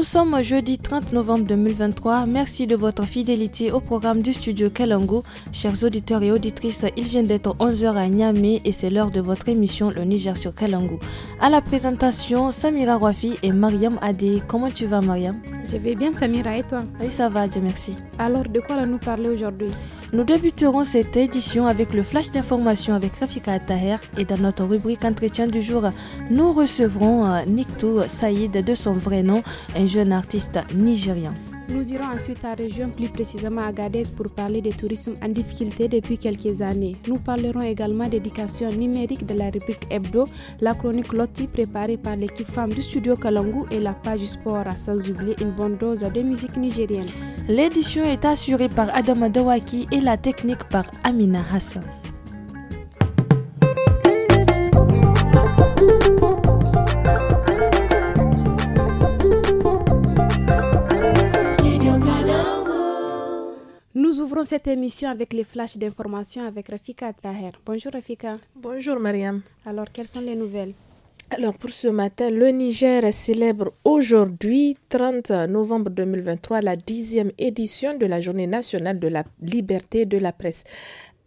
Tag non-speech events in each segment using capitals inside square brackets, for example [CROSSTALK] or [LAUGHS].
Nous sommes jeudi 30 novembre 2023. Merci de votre fidélité au programme du studio Kalango. Chers auditeurs et auditrices, il vient d'être 11h à Niamey et c'est l'heure de votre émission Le Niger sur Kalango. À la présentation, Samira Rafi et Mariam Adé. Comment tu vas, Mariam Je vais bien, Samira, et toi Oui, ça va, Dieu merci. Alors, de quoi allons-nous parler aujourd'hui nous débuterons cette édition avec le flash d'information avec Rafika Tahir et dans notre rubrique entretien du jour, nous recevrons euh, Nictou Saïd de son vrai nom, un jeune artiste nigérien. Nous irons ensuite à la région, plus précisément à Gadez, pour parler des tourisme en difficulté depuis quelques années. Nous parlerons également d'éducation numérique de la rubrique Hebdo, la chronique Lotti préparée par l'équipe femme du studio Kalangu et la page sport, sans oublier une bonne dose de musique nigérienne. L'édition est assurée par Adama Dawaki et la technique par Amina Hassan. Nous ouvrons cette émission avec les flashs d'information avec Rafika Taher. Bonjour Rafika. Bonjour Mariam. Alors, quelles sont les nouvelles alors pour ce matin, le Niger célèbre aujourd'hui, 30 novembre 2023, la dixième édition de la Journée nationale de la liberté de la presse.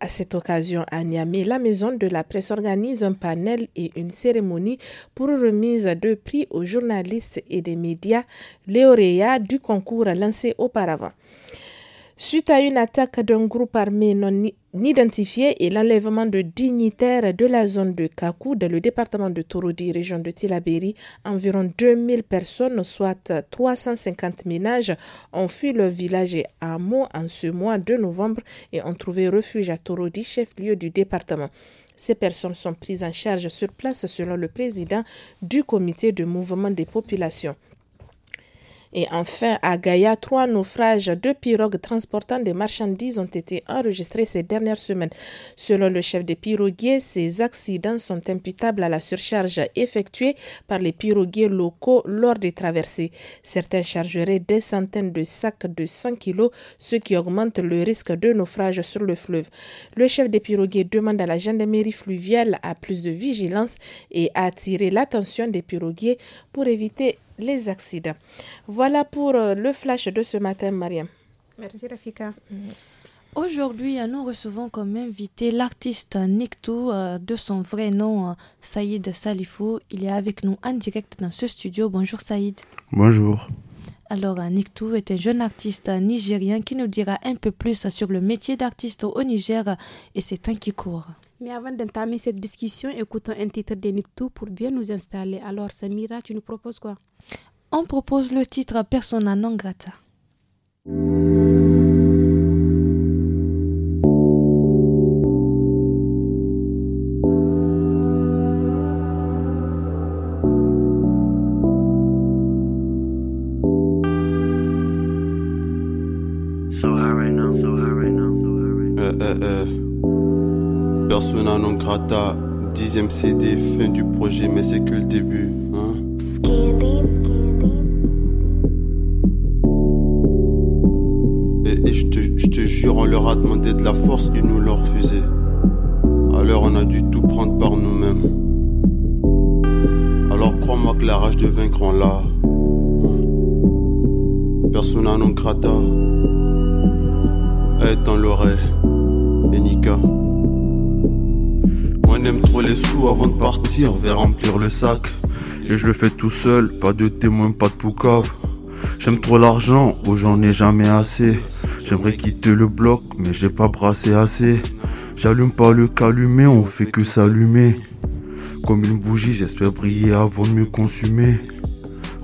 À cette occasion, à Niamey, la Maison de la Presse organise un panel et une cérémonie pour remise de prix aux journalistes et des médias lauréats du concours lancé auparavant suite à une attaque d'un groupe armé non identifié et l'enlèvement de dignitaires de la zone de Kakou dans le département de Torodi, région de Tilaberi. Environ 2000 personnes, soit 350 ménages, ont fui le village et hameau en ce mois de novembre et ont trouvé refuge à Torodi, chef-lieu du département. Ces personnes sont prises en charge sur place selon le président du comité de mouvement des populations. Et enfin, à Gaïa, trois naufrages, de pirogues transportant des marchandises ont été enregistrés ces dernières semaines. Selon le chef des piroguiers, ces accidents sont imputables à la surcharge effectuée par les piroguiers locaux lors des traversées. Certains chargeraient des centaines de sacs de 100 kg, ce qui augmente le risque de naufrage sur le fleuve. Le chef des piroguiers demande à la gendarmerie fluviale à plus de vigilance et à attirer l'attention des piroguiers pour éviter les accidents. Voilà pour euh, le flash de ce matin, Mariam. Merci, Rafika. Mhm. Aujourd'hui, euh, nous recevons comme invité l'artiste Nictou, euh, de son vrai nom Saïd Salifou. Il est avec nous en direct dans ce studio. Bonjour Saïd. Bonjour. Alors, Nictou est un jeune artiste nigérien qui nous dira un peu plus sur le métier d'artiste au Niger et ses temps qui courent. Mais avant d'entamer cette discussion, écoutons un titre de Nictou pour bien nous installer. Alors, Samira, tu nous proposes quoi On propose le titre Persona non grata. So right persona non grata. Dixième CD, fin du projet, mais c'est que le début. Hein. Et, je te jure, on leur a demandé de la force, ils nous l'ont refusé. Alors on a dû tout prendre par nous-mêmes. Alors crois-moi que la rage de vaincre en l'a. Persona non grata. Est en l'oreille. Et J'aime trop les sous avant de partir, vers remplir le sac. Et je le fais tout seul, pas de témoin, pas de poucave. J'aime trop l'argent, ou oh, j'en ai jamais assez. J'aimerais quitter le bloc, mais j'ai pas brassé assez. J'allume pas le calumet, on fait que s'allumer. Comme une bougie, j'espère briller avant de me consumer.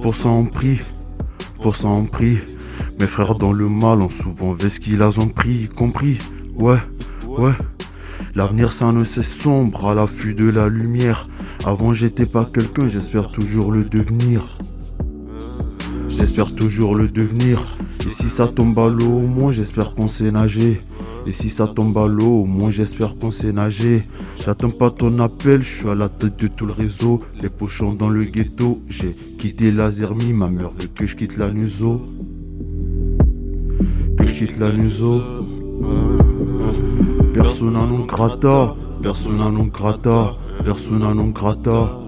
Pour ça on prie, pour ça on prie. Mes frères dans le mal ont souvent qu'ils ont pris, compris. Ouais, ouais. L'avenir ça ne c'est sombre à l'affût de la lumière. Avant j'étais pas quelqu'un, j'espère toujours le devenir. J'espère toujours le devenir. Et si ça tombe à l'eau, au moins j'espère qu'on sait nager. Et si ça tombe à l'eau, au moins j'espère qu'on sait nager. J'attends pas ton appel, je suis à la tête de tout le réseau. Les pochons dans le ghetto, j'ai quitté la Zermie, ma mère veut que je quitte la Nuzo. Que je quitte la Nuzo persona non grata, persona non grata, persona non grata.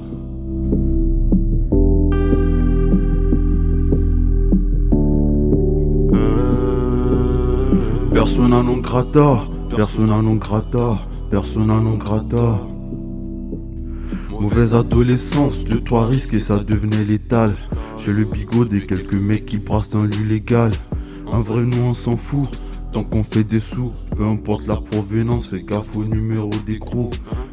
Persona non grata, persona non grata, persona non grata. Mauvaise adolescence, de trois risques et ça devenait létal. J'ai le bigot des quelques mecs qui brassent dans l'illégal. Un vrai nous on s'en fout, Tant qu'on fait des sous, peu importe la provenance, fais gaffe au numéro des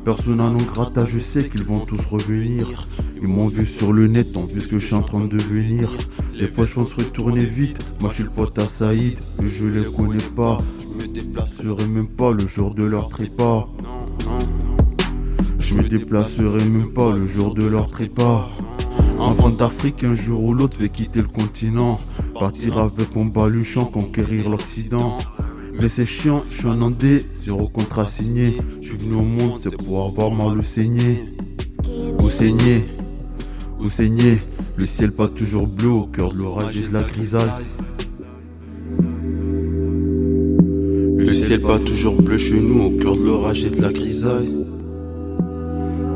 Personne à non grata, je sais qu'ils vont tous revenir. Ils m'ont vu sur le net, Tant vu ce que je suis en train de venir. Les fois je se retourner vite, moi je suis le pote à Saïd, et je les connais pas. Je me déplacerai même pas le jour de leur prépa. Je me déplacerai même pas le jour de leur prépa. Enfant d'Afrique, un jour ou l'autre, vais quitter le continent. Partir avec mon baluchon, conquérir l'Occident. Mais c'est chiant, je suis Andé, zéro contrat signé. Je suis venu au monde, pour avoir mal le saigner. vous saigner, vous saigner. Le ciel pas toujours bleu au cœur de l'orage et de la grisaille. Le ciel pas toujours bleu chez nous au cœur de l'orage et de la grisaille.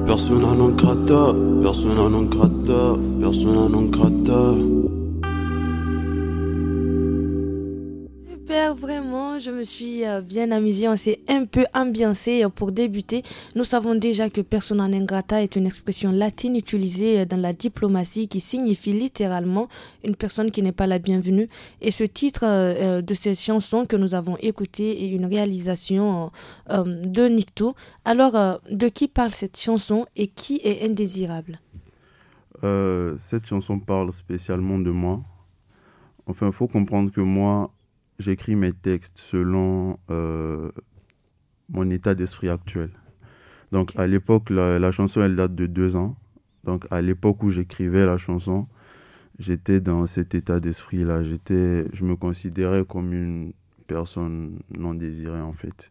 à non grata, à non grata, à non grata. je me suis euh, bien amusée, on s'est un peu ambiancé euh, pour débuter. Nous savons déjà que persona non grata est une expression latine utilisée euh, dans la diplomatie qui signifie littéralement une personne qui n'est pas la bienvenue. Et ce titre de cette chanson que nous avons écoutée est une réalisation de Nicto. Alors, de qui parle cette chanson et qui est indésirable Cette chanson parle spécialement de moi. Enfin, il faut comprendre que moi, j'écris mes textes selon euh, mon état d'esprit actuel. Donc à l'époque, la, chanson, elle date de deux ans. Donc à l'époque où j'écrivais la chanson, j'étais dans cet état d'esprit-là. J'étais, je me considérais comme une personne non désirée en fait.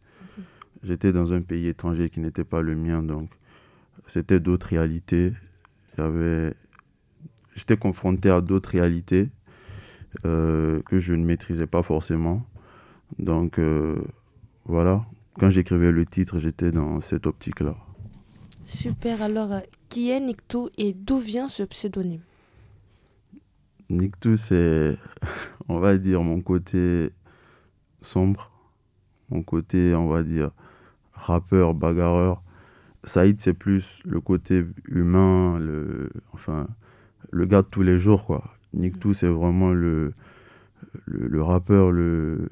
J'étais dans un pays étranger qui n'était pas le mien, donc c'était d'autres réalités. J'avais, j'étais confronté à d'autres réalités euh, que je ne maîtrisais pas forcément. Donc euh, voilà, quand j'écrivais le titre, j'étais dans cette optique-là. Super, alors qui est Nictou et d'où vient ce pseudonyme Nictou, c'est, [LAUGHS] on va dire, mon côté sombre, mon côté, on va dire, rappeur, bagarreur. Saïd, c'est plus le côté humain, le, enfin, le gars de tous les jours, quoi. Nick mm. c'est vraiment le, le, rappeur, le,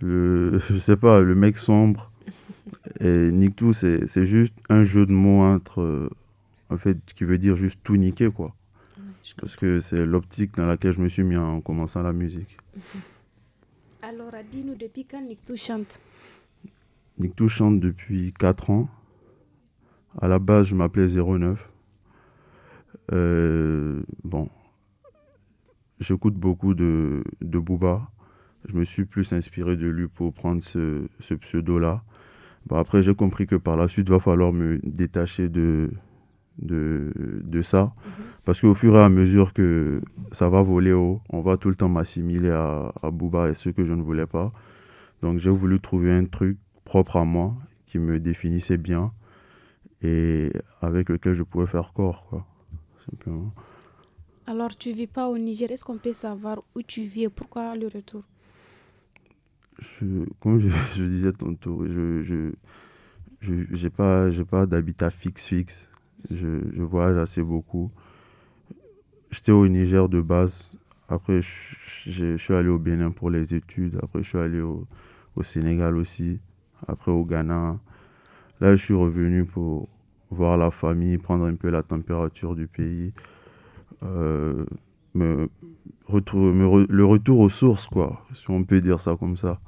le. [LAUGHS] sais pas, le mec sombre. [LAUGHS] Et Nick c'est juste un jeu de mots entre. En fait, qui veut dire juste tout niquer, quoi. Parce que c'est l'optique dans laquelle je me suis mis en commençant la musique. [LAUGHS] Alors, dis-nous depuis quand chante chante depuis 4 ans. À la base, je m'appelais 09. Euh, bon, j'écoute beaucoup de, de Booba. Je me suis plus inspiré de lui pour prendre ce, ce pseudo-là. après, j'ai compris que par la suite, il va falloir me détacher de, de, de ça. Mhm. Parce qu'au fur et à mesure que ça va voler haut, on va tout le temps m'assimiler à, à Booba et ce que je ne voulais pas. Donc, j'ai voulu trouver un truc propre à moi qui me définissait bien et avec lequel je pouvais faire corps. Quoi simplement. Alors, tu ne vis pas au Niger. Est-ce qu'on peut savoir où tu vis et pourquoi le retour Comme [LAUGHS] je, disais tantôt, je n'ai je, pas, pas d'habitat fixe fixe. Je, je voyage assez beaucoup. J'étais au Niger de base. Après, je, suis allé au Bénin pour les études. Après, je suis allé au, au Sénégal aussi. Après, au Ghana. Là, je suis revenu pour, voir la famille, prendre un peu la température du pays, euh, me, le retour aux sources, quoi, si on peut dire ça comme ça.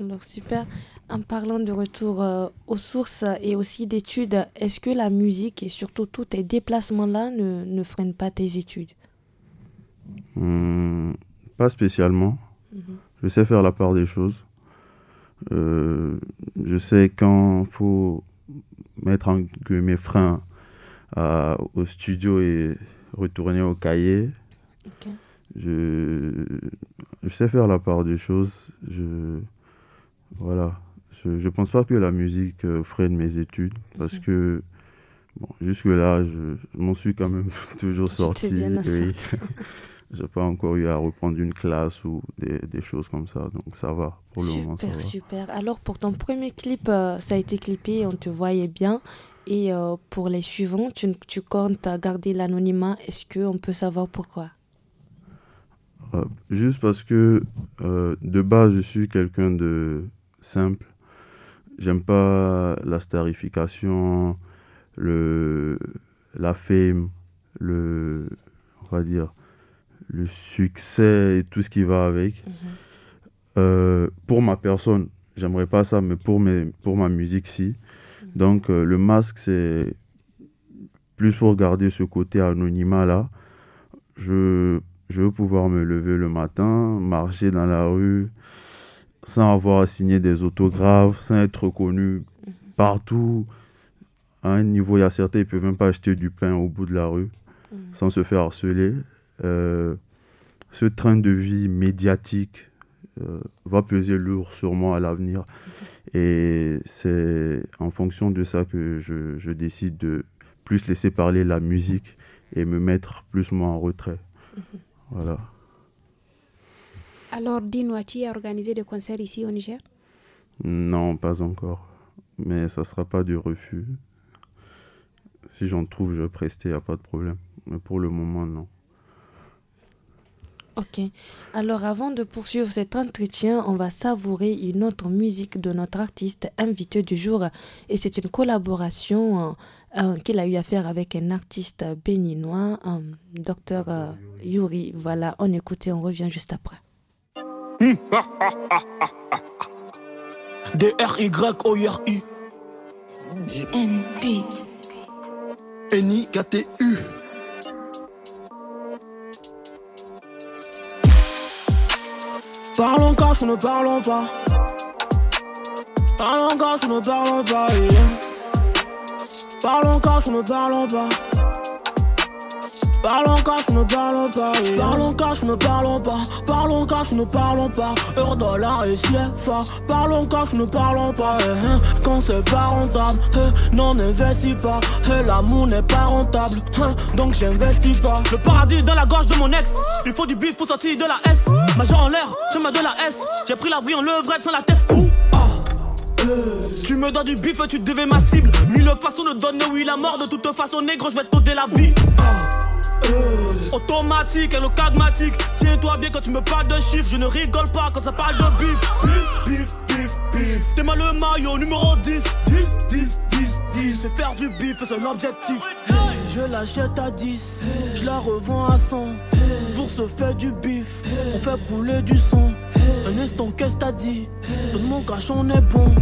Alors super. En parlant de retour euh, aux sources et aussi d'études, est-ce que la musique et surtout tous tes déplacements-là ne, freinent pas tes études hum, Pas spécialement. Mhm. Je sais faire la part des choses. Euh, je sais quand faut mettre en freins euh, au studio et retourner au cahier. Je, sais faire la part des choses. Je, voilà. Je, pense pas que la musique euh, freine mes études parce que jusque-là, je, m'en suis quand même [LAUGHS] toujours sorti. bien [LAUGHS] j'ai pas encore eu à reprendre une classe ou des, des choses comme ça. Donc ça va pour le super, moment. Super, super. Alors pour ton premier clip, euh, ça a été clippé, on te voyait bien. Et euh, pour les suivants, tu, tu comptes garder l'anonymat. Est-ce qu'on peut savoir pourquoi euh, Juste parce que de base, je suis quelqu'un de simple. J'aime pas la starification, le, la fame, le, on va dire, le succès et tout ce qui va avec. Mhm. Euh, pour ma personne, j'aimerais pas ça, mais pour, pour ma musique, si. Mhm. Donc, euh, le masque, c'est plus pour garder ce côté anonymat-là. Je, veux pouvoir me lever le matin, marcher dans la rue, sans avoir à signer des autographes, sans être connu mhm. partout. À un niveau, il y a certains, ils ne peuvent même pas acheter du pain au bout de la rue sans se faire harceler. Euh, ce train de vie médiatique euh, va peser lourd sur moi à l'avenir. Et c'est en fonction de ça que je, décide de plus laisser parler la musique et me mettre plus moi en retrait. Mhm. Voilà. Alors, dis a organisé des concerts ici au Niger Non, pas encore. Mais ça ne sera pas du refus. Si j'en trouve, je vais prester il n'y a pas de problème. Mais pour le moment, non. Ok. Alors avant de poursuivre cet entretien, on va savourer une autre musique de notre artiste invité du jour. Et c'est une collaboration euh, euh, qu'il a eu à faire avec un artiste béninois, Docteur Dr euh, Yuri. Voilà, on écoute et on revient juste après. Hmm. [LAUGHS] D-R-Y-O-R-I. i n p n N-I-K-T-U. Parlons cash ou ne parlons pas. Parlons cash ou ne parlons pas. Yeah. Parlons cash ou ne parlons pas. Parlons cash, ne parlons pas. Parlons cash, ne parlons pas. Parlons cash, ne parlons pas. Heure dollar et CFA. Parlons cash, ne parlons pas. Eh, hein. Quand c'est pas rentable, eh, non, n'investis pas. Eh, l'amour n'est pas rentable, hein. donc j'investis pas. Le paradis dans la gorge de mon ex. Il faut du bif pour sortir de la S. Major en l'air, je mets de la S. J'ai pris la vie en levrette sans la tête. Ouh, ah. tu me donnes du bif, tu devais ma cible. Mille façons de donner, oui, la mort. De toute façon, négro, je vais tauder la vie. Ah. Automatique, le pragmatique. Tiens-toi bien quand tu me parles de chiffres. Je ne rigole pas quand ça parle de bif. Bif, bif, bif, bif. T'es mal le maillot numéro 10. 10, 10, 10, 10. C'est faire du bif, c'est l'objectif. je l'achète à 10. je la revends à 100. Pour se faire du bif, Pour faire couler du son. Un instant, qu'est-ce t'as dit Tout mon cache, on est bon.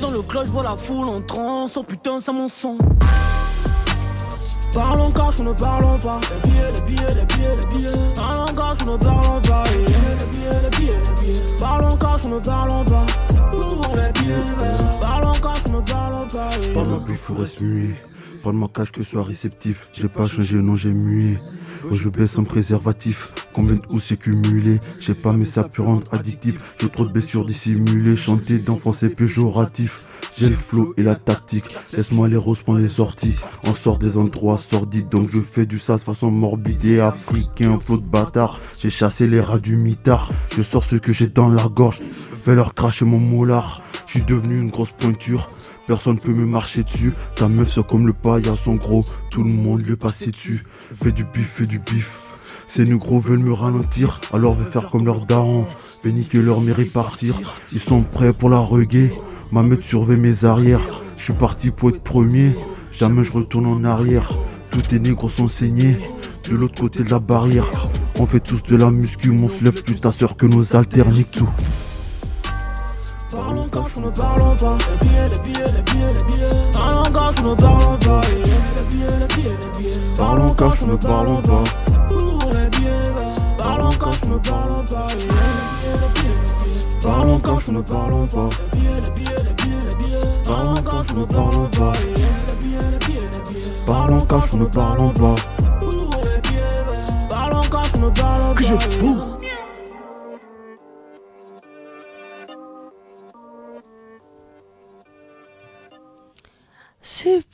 Dans le je vois la foule en transe. Oh putain, c'est mon son. Parlons cash ou ne parlons pas. Les billets, les billets, les billets, les billets. Parlons cash ou ne parlons pas. Les billets, les billets, les billets. Parlons cash ou ne parlons pas. Pour les billets Parlons cash ou ne parlons pas. Parlons plus, faut reste muet. Parle ma cache que sois réceptif. J'ai pas changé, non, j'ai mué. Oh, je baisse un préservatif. Combien de housses c'est cumulé Je pas, mais ça peut rendre addictif. J'ai trop de blessures dissimulées. Chanter d'enfants c'est péjoratif. J'ai le flow et la tactique. Laisse-moi les roses prendre les sorties. On sort des endroits sordides, donc je fais du de façon morbide et africain. Flot de bâtard. J'ai chassé les rats du mitard. Je sors ce que j'ai dans la gorge. Fais leur cracher mon molar. Je suis devenu une grosse pointure. Personne peut me marcher dessus. Ta meuf, c'est comme le son gros. Tout le monde lui est dessus. Fais du bif, fais du bif. Ces négros veulent me ralentir, alors vais faire comme leurs daron Vais niquer leur mérite partir. Ils sont prêts pour la reguer Ma meute surveille mes arrières. Je suis parti pour être premier. Jamais je retourne en arrière. Tous tes négros sont saignés. De l'autre côté de la barrière. On fait tous de la muscu, mon plus ta que nos alterniques tout. Parlons quand nous ne parlons pas. Les billets, les billets, les billets, Parlons cash nous ne parlons pas. Les Parlons ne parlons pas. les parlons ne parlons pas. Parlons parlons pas. Les les les Parlons pas. Parlons pas. les parlons pas.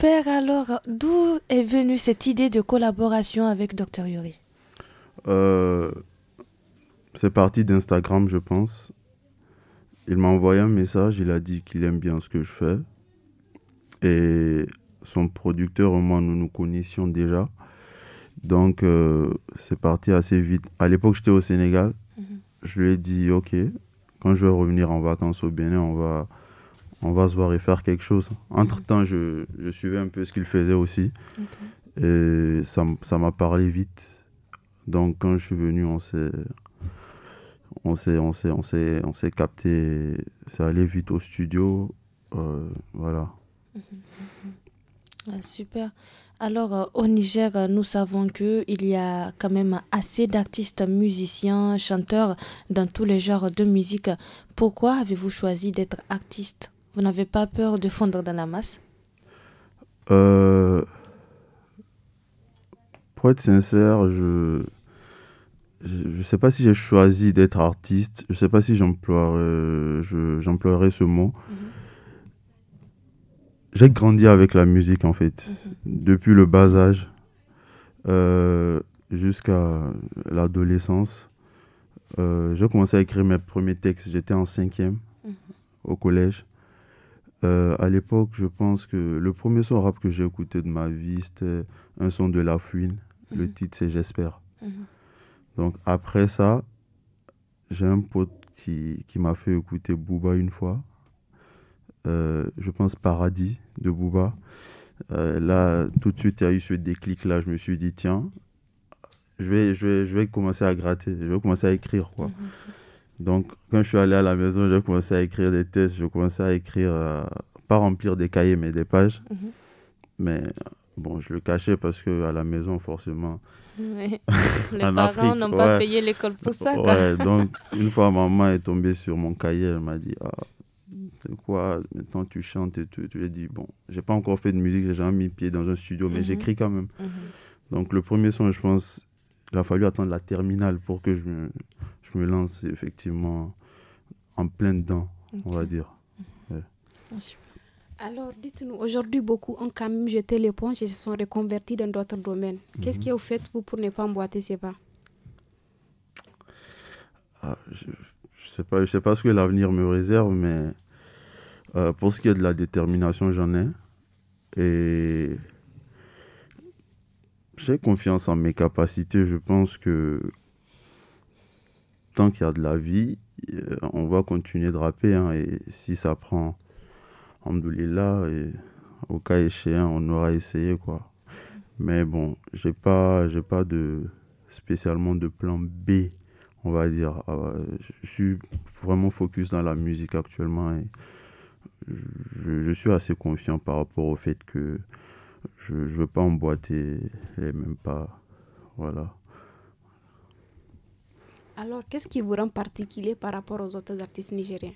Père, alors d'où est venue cette idée de collaboration avec Dr Yuri euh, C'est parti d'Instagram, je pense. Il m'a envoyé un message, il a dit qu'il aime bien ce que je fais. Et son producteur et moi, nous nous connaissions déjà. Donc, euh, c'est parti assez vite. À l'époque, j'étais au Sénégal. Mhm. Je lui ai dit, OK, quand je vais revenir en vacances au Bénin, on va on va se voir et faire quelque chose. Entre-temps, je, suivais un peu ce qu'il faisait aussi. Et ça m'a parlé vite. Donc quand je suis venu, on s'est on on on capté Ça allait vite au studio euh, voilà ah, super alors euh, au Niger euh, nous savons que il y a quand même assez d'artistes musiciens chanteurs dans tous les genres de musique pourquoi avez-vous choisi d'être artiste vous n'avez pas peur de fondre dans la masse euh, Pour être sincère, je ne sais pas si j'ai choisi d'être artiste, je ne sais pas si j'emploierai euh, ce mot. Mhm. J'ai grandi avec la musique en fait, mhm. depuis le bas âge euh, jusqu'à l'adolescence. j'ai commencé à écrire mes premiers textes, j'étais en cinquième mhm. au collège. Euh, à l'époque, je pense que le premier son rap que j'ai écouté de ma vie, c'était un son de La Fouine. Le mhm. titre, c'est J'espère. Mhm. Donc après ça, j'ai un pote qui, m'a fait écouter Booba une fois. Euh, je pense Paradis de Booba. Euh, là, tout de suite, il y a eu ce déclic-là. Je me suis dit, tiens, je vais, je, vais, je vais commencer à gratter, je vais commencer à écrire. Quoi. Mhm. Donc, quand je suis allé à la maison, j'ai commencé à écrire des tests, je commençais à écrire, euh, pas remplir des cahiers, mais des pages. Mhm. Mais euh, bon, je le cachais parce que à la maison, forcément. [LAUGHS] Les parents n'ont pas payé l'école pour ça. Ouais, donc, [LAUGHS] une fois, maman est tombée sur mon cahier, elle m'a dit ah, C'est quoi Maintenant, tu chantes et tout. Tu lui ai dit Bon, j'ai pas encore fait de musique, j'ai jamais mis pied dans un studio, mais mhm. j'écris quand même. Mhm. Donc, le premier son, je pense, il a fallu attendre la terminale pour que je me me lance effectivement en plein dedans, on va dire. Mhm. Ah, Alors, dites-nous, aujourd'hui, beaucoup ont quand même jeté l'éponge et se sont reconvertis dans d'autres domaines. Qu'est-ce mhm. que vous faites, vous, pour ne pas emboîter ces pas ah, Je ne sais, pas, je sais pas ce que l'avenir me réserve, mais euh, pour ce qui est de la détermination, j'en ai. Et j'ai confiance en mes capacités. Je pense que tant qu'il y a de la vie, euh, on va continuer de rapper. Hein, et si ça prend, là et au cas échéant, on aura essayé. quoi. Mais bon, j'ai pas, j'ai pas de, spécialement de plan B, on va dire. Ah, je suis vraiment focus dans la musique actuellement et je, suis assez confiant par rapport au fait que je veux pas emboîter et même pas. Voilà. Alors, qu'est-ce qui vous rend particulier par rapport aux autres artistes nigériens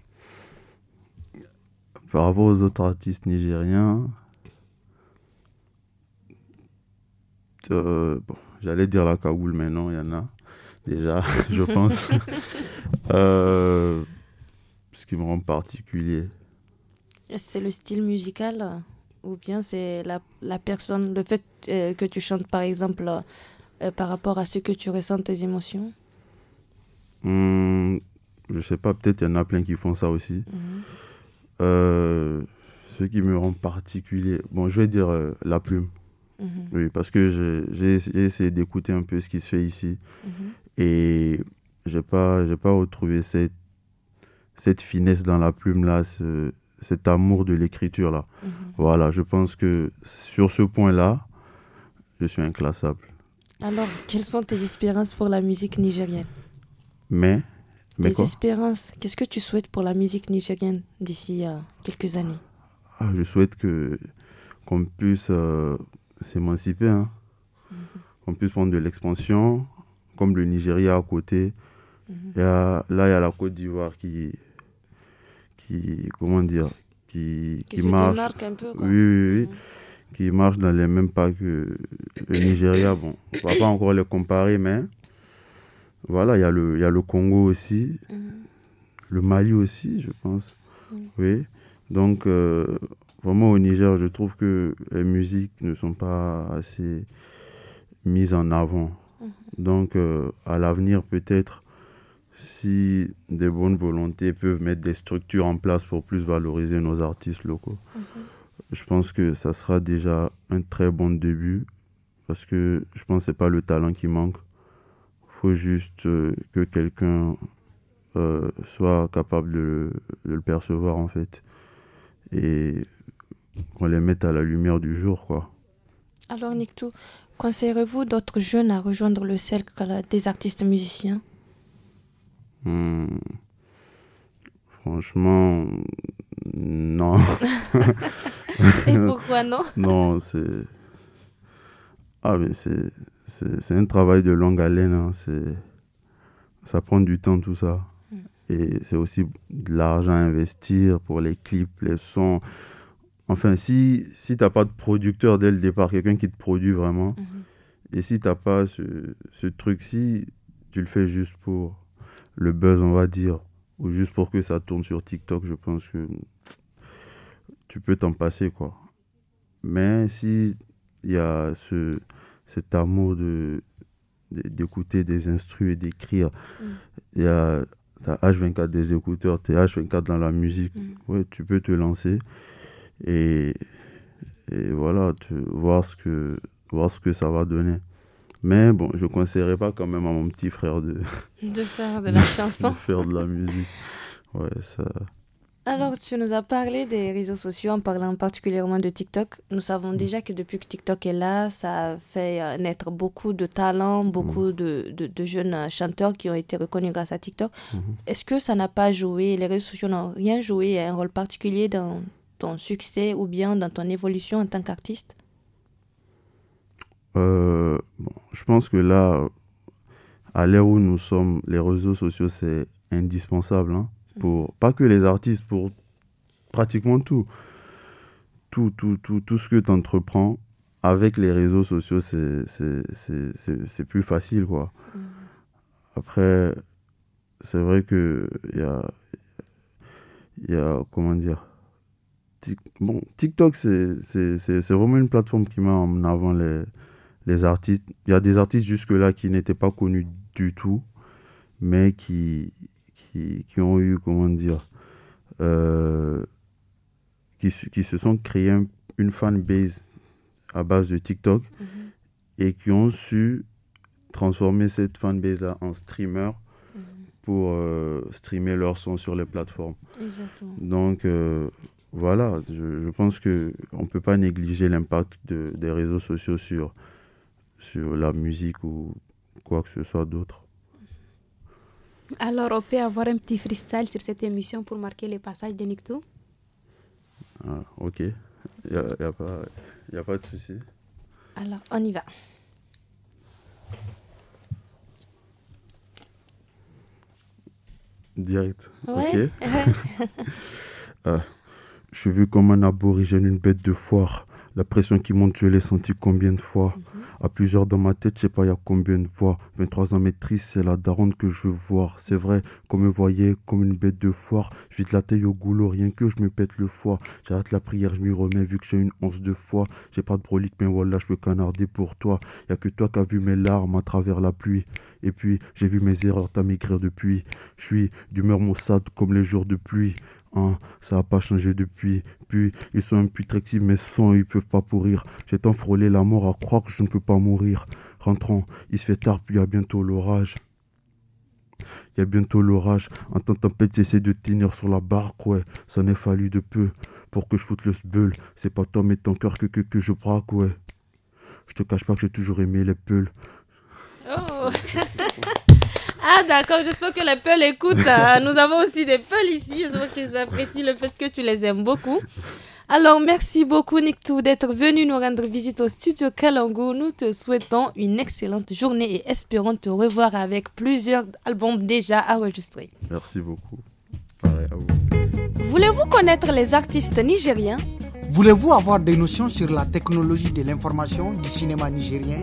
Par rapport aux autres artistes nigériens, euh, bon, j'allais dire la Kagoul mais non, il y en a déjà, [LAUGHS] je pense. [LAUGHS] Euh, ce qui me rend particulier. C'est le style musical euh, ou bien c'est la, la, personne, le fait que tu chantes par exemple par rapport à ce que tu ressens, tes émotions je hmm, je sais pas, peut-être il y en a plein qui font ça aussi. Mhm. Euh, ce qui me rend particulier, bon, je vais dire euh, la plume. Mhm. Oui, parce que j'ai essayé d'écouter un peu ce qui se fait ici. Mhm. Et j'ai pas, j'ai pas retrouvé cette, cette finesse dans la plume là, ce, cet amour de l'écriture là. Voilà, je pense que sur ce point là, je suis inclassable. Alors, quelles sont tes espérances pour la musique nigérienne mais. mais Des espérances. Qu'est-ce que tu souhaites pour la musique nigérienne d'ici euh, quelques années ah, Je souhaite que qu'on puisse euh, s'émanciper, hein. mhm. qu'on puisse prendre de l'expansion, comme le Nigeria à côté. Mhm. là, il y a la Côte d'Ivoire qui, qui, comment dire, qui, marche. un peu. Oui, oui, oui. Mhm. Qui marche dans les mêmes pas que le Nigeria. Bon, on ne va pas encore les comparer, mais voilà, il y, a le, le Congo aussi, mhm. le Mali aussi, je pense. Oui. Donc, euh, vraiment au Niger, je trouve que les musiques ne sont pas assez mises en avant. Mhm. Donc, euh, à l'avenir, peut-être, si des bonnes volontés peuvent mettre des structures en place pour plus valoriser nos artistes locaux, mhm. je pense que ça sera déjà un très bon début parce que je pense que ce n'est pas le talent qui manque juste euh, que quelqu'un euh, soit capable de, le percevoir en fait. Et qu'on les mette à la lumière du jour quoi. Alors Nictou, conseillerez-vous d'autres jeunes à rejoindre le cercle des artistes musiciens hmm. Franchement, non. [LAUGHS] Et [LAUGHS] pourquoi non Non, c'est... Ah mais c'est c'est un travail de longue haleine. Hein. Ça prend du temps, tout ça. Mm. Et c'est aussi de l'argent à investir pour les clips, les sons. Enfin, si, si tu n'as pas de producteur dès le départ, quelqu'un qui te produit vraiment, mm-hmm. et si tu n'as pas ce, ce truc-ci, tu le fais juste pour le buzz, on va dire, ou juste pour que ça tourne sur TikTok, je pense que tu peux t'en passer, quoi. Mais si il y a ce, cet amour de, d'écouter des instruments et d'écrire. Mm. Il Et, a H24 des écouteurs, es H24 dans la musique. Mm. Ouais, tu peux te lancer et, et voilà, te, voir, ce que, voir ce que ça va donner. Mais bon, je ne conseillerais pas quand même à mon petit frère de, de faire de la [LAUGHS] chanson. De faire de la musique. Ouais, ça. Alors, tu nous as parlé des réseaux sociaux en parlant particulièrement de TikTok. Nous savons mm. déjà que depuis que TikTok est là, ça a fait euh, naître beaucoup de talents, beaucoup mm. de, jeunes chanteurs qui ont été reconnus grâce à TikTok. Mm-hmm. Est-ce que ça n'a pas joué, les réseaux sociaux n'ont rien joué, un rôle particulier dans ton succès ou bien dans ton évolution en tant qu'artiste euh, Je pense que là, à l'ère où nous sommes, les réseaux sociaux, c'est indispensable. Hein pas que les artistes, pour pratiquement tout. Tout, tout, tout, ce que tu entreprends avec les réseaux sociaux, c'est plus facile, quoi. Mm. Après, c'est vrai que il y a, y a, comment dire, bon, TikTok, c'est vraiment une plateforme qui met en avant les, les artistes. Il y a des artistes jusque-là qui n'étaient pas connus du tout, mais qui, qui, ont eu, comment dire, euh, qui, se sont créés une fanbase à base de TikTok mhm. et qui ont su transformer cette fanbase-là en streamer mhm. pour euh, streamer leur son sur les plateformes. Donc, euh, voilà, je, pense qu'on ne peut pas négliger l'impact de, des réseaux sociaux sur, sur la musique ou quoi que ce soit d'autre. Alors, on peut avoir un petit freestyle sur cette émission pour marquer les passages de Nictou ah, Ok, il n'y a, y a, pas, de souci. Alors, on y va. Direct. Ok. [LAUGHS] [LAUGHS] Euh, je suis vu comme un aborigène, une bête de foire. La pression qui monte, je l'ai senti combien de fois mhm. À plusieurs dans ma tête, je sais pas, il y a combien de fois 23 ans maîtrise, c'est la daronne que je veux voir. C'est vrai qu'on me voyait comme une bête de foire. Je vide la taille au goulot, rien que je me pète le foie. J'arrête la prière, je m'y remets vu que j'ai une once de foie J'ai pas de brolique, mais voilà, je peux canarder pour toi. Y a que toi qui as vu mes larmes à travers la pluie. Et puis, j'ai vu mes erreurs t'amigrir depuis. Je suis d'humeur maussade comme les jours de pluie. Hein, ça n'a pas changé depuis. Puis ils sont imputrexibles, Mais sans, ils peuvent pas pourrir. J'ai tant frôlé la mort à croire que je ne peux pas mourir. Rentrons, il se fait tard, puis il y a bientôt l'orage. Il y a bientôt l'orage. En tant tempête, j'essaie de tenir sur la barque, ouais. Ça n'est fallu de peu pour que je foute le sbeul. C'est pas toi, mais ton cœur que, que, que je braque, ouais. Je te cache pas que j'ai toujours aimé les pulls. Oh [LAUGHS] Ah d'accord, j'espère que les peuls écoutent. Euh, nous avons aussi des peuls ici. J'espère qu'ils apprécient le fait que tu les aimes beaucoup. Alors merci beaucoup Nictou d'être venu nous rendre visite au studio kalango Nous te souhaitons une excellente journée et espérons te revoir avec plusieurs albums déjà enregistrés. Merci beaucoup. Voulez-vous connaître les artistes nigériens Voulez-vous avoir des notions sur la technologie de l'information du cinéma nigérien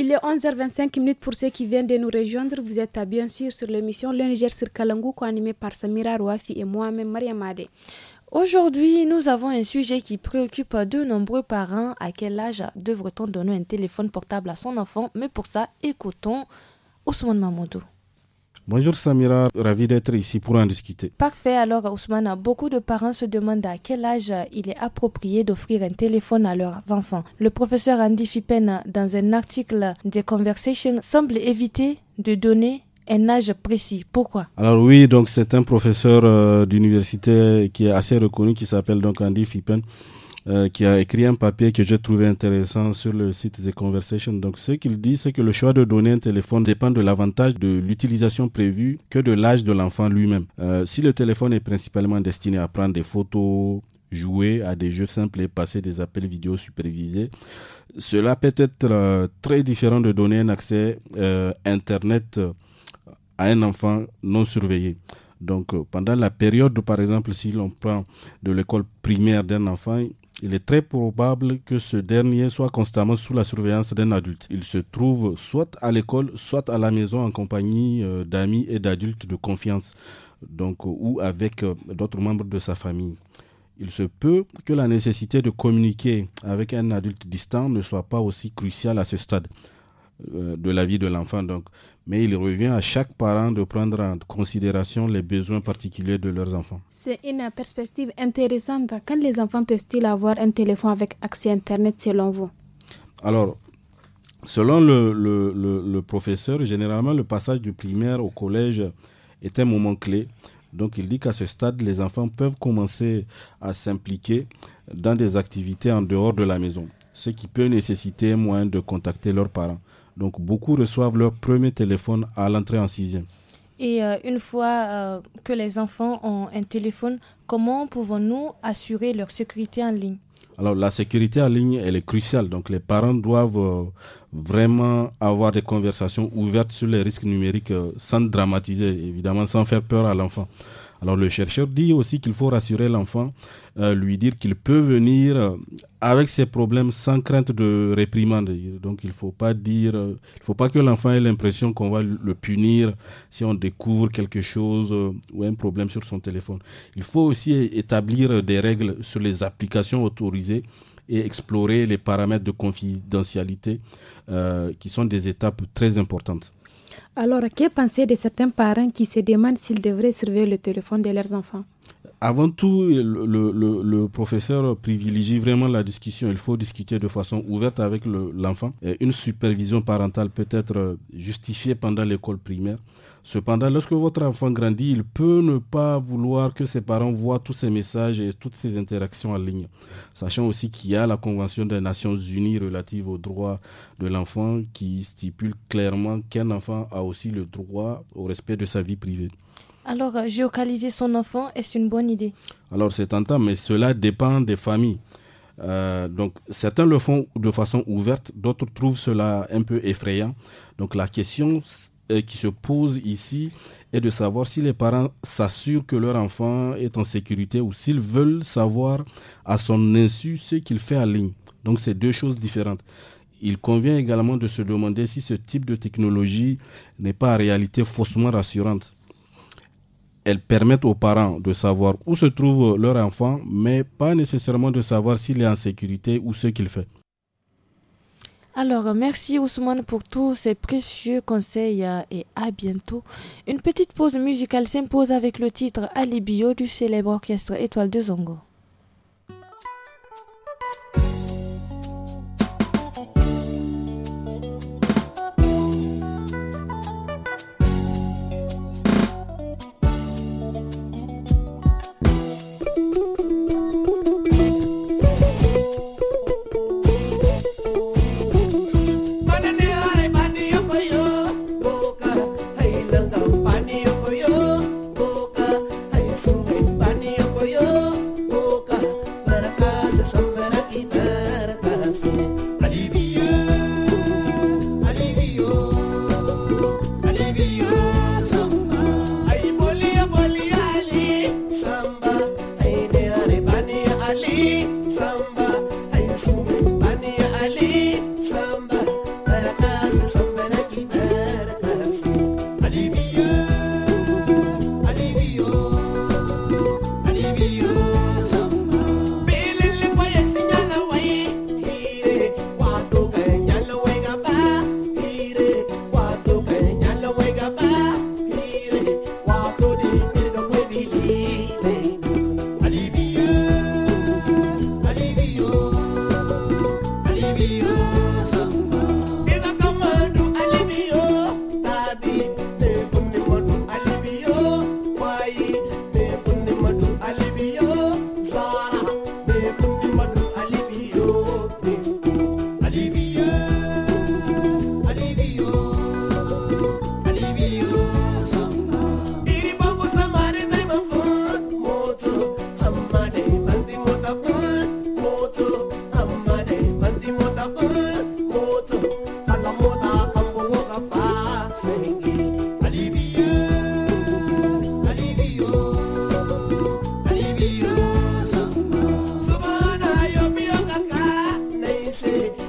Il est 11h25 pour ceux qui viennent de nous rejoindre. Vous êtes à, bien sûr sur l'émission Le Niger sur Kalangou, animée par Samira Rouafi et moi-même Mariamade. Aujourd'hui, nous avons un sujet qui préoccupe de nombreux parents. À quel âge devrait-on donner un téléphone portable à son enfant Mais pour ça, écoutons Ousmane Mamoudou. Bonjour Samira, ravi d'être ici pour en discuter. Parfait, alors Ousmane, beaucoup de parents se demandent à quel âge il est approprié d'offrir un téléphone à leurs enfants. Le professeur Andy Fippen, dans un article des Conversation, semble éviter de donner un âge précis. Pourquoi Alors oui, donc c'est un professeur euh, d'université qui est assez reconnu, qui s'appelle donc Andy Fippen, euh, qui a écrit un papier que j'ai trouvé intéressant sur le site The Conversation. Donc ce qu'il dit, c'est que le choix de donner un téléphone dépend de l'avantage de l'utilisation prévue que de l'âge de l'enfant lui-même. Euh, si le téléphone est principalement destiné à prendre des photos, jouer à des jeux simples et passer des appels vidéo supervisés. Cela peut être euh, très différent de donner un accès Internet à un enfant non surveillé. Donc pendant la période, par exemple, si l'on prend de l'école primaire d'un enfant, il est très probable que ce dernier soit constamment sous la surveillance d'un adulte. Il se trouve soit à l'école, soit à la maison en compagnie euh, d'amis et d'adultes de confiance, donc euh, ou avec euh, d'autres membres de sa famille. Il se peut que la nécessité de communiquer avec un adulte distant ne soit pas aussi cruciale à ce stade de la vie de l'enfant mais il revient à chaque parent de prendre en considération les besoins particuliers de leurs enfants. C'est une perspective intéressante. Quand les enfants peuvent-ils avoir un téléphone avec accès Internet selon vous Alors, selon le, professeur, généralement le passage du primaire au collège est un moment clé. Donc il dit qu'à ce stade, les enfants peuvent commencer à s'impliquer dans des activités en dehors de la maison, ce qui peut nécessiter moins de contacter leurs parents. Donc beaucoup reçoivent leur premier téléphone à l'entrée en sixième. Et euh, une fois euh, que les enfants ont un téléphone, comment pouvons-nous assurer leur sécurité en ligne Alors la sécurité en ligne, elle est cruciale. Donc les parents doivent euh, vraiment avoir des conversations ouvertes sur les risques numériques sans dramatiser, évidemment, sans faire peur à l'enfant. Alors le chercheur dit aussi qu'il faut rassurer l'enfant, euh, lui dire qu'il peut venir euh, avec ses problèmes sans crainte de réprimande. Donc il faut pas dire, euh, il faut pas que l'enfant ait l'impression qu'on va le punir si on découvre quelque chose ou un problème sur son téléphone. Il faut aussi établir des règles sur les applications autorisées et explorer les paramètres de confidentialité qui sont des étapes très importantes. Alors, que penser de certains parents qui se demandent s'ils devraient surveiller le téléphone de leurs enfants avant tout, le, professeur privilégie vraiment la discussion. Il faut discuter de façon ouverte avec l'enfant. une supervision parentale peut être euh, justifiée pendant l'école primaire. Cependant, lorsque votre enfant grandit, il peut ne pas vouloir que ses parents voient tous ses messages et toutes ses interactions en ligne. Sachant aussi qu'il y a la Convention des Nations Unies relative aux droits de l'enfant qui stipule clairement qu'un enfant a aussi le droit au respect de sa vie privée. Alors, euh, géocaliser son enfant, est-ce une bonne idée Alors, c'est tentant, mais cela dépend des familles. Euh, donc certains le font de façon ouverte, d'autres trouvent cela un peu effrayant. Donc la question euh, qui se pose ici est de savoir si les parents s'assurent que leur enfant est en sécurité ou s'ils veulent savoir à son insu ce qu'il fait en ligne. Donc c'est deux choses différentes. Il convient également de se demander si ce type de technologie n'est pas en réalité faussement rassurante. Elles permettent aux parents de savoir où se trouve leur enfant, mais pas nécessairement de savoir s'il est en sécurité ou ce qu'il fait. Alors, merci Ousmane pour tous ces précieux conseils euh, et à bientôt. Une petite pause musicale s'impose avec le titre Alibio du célèbre orchestre Étoile de Zongo. city.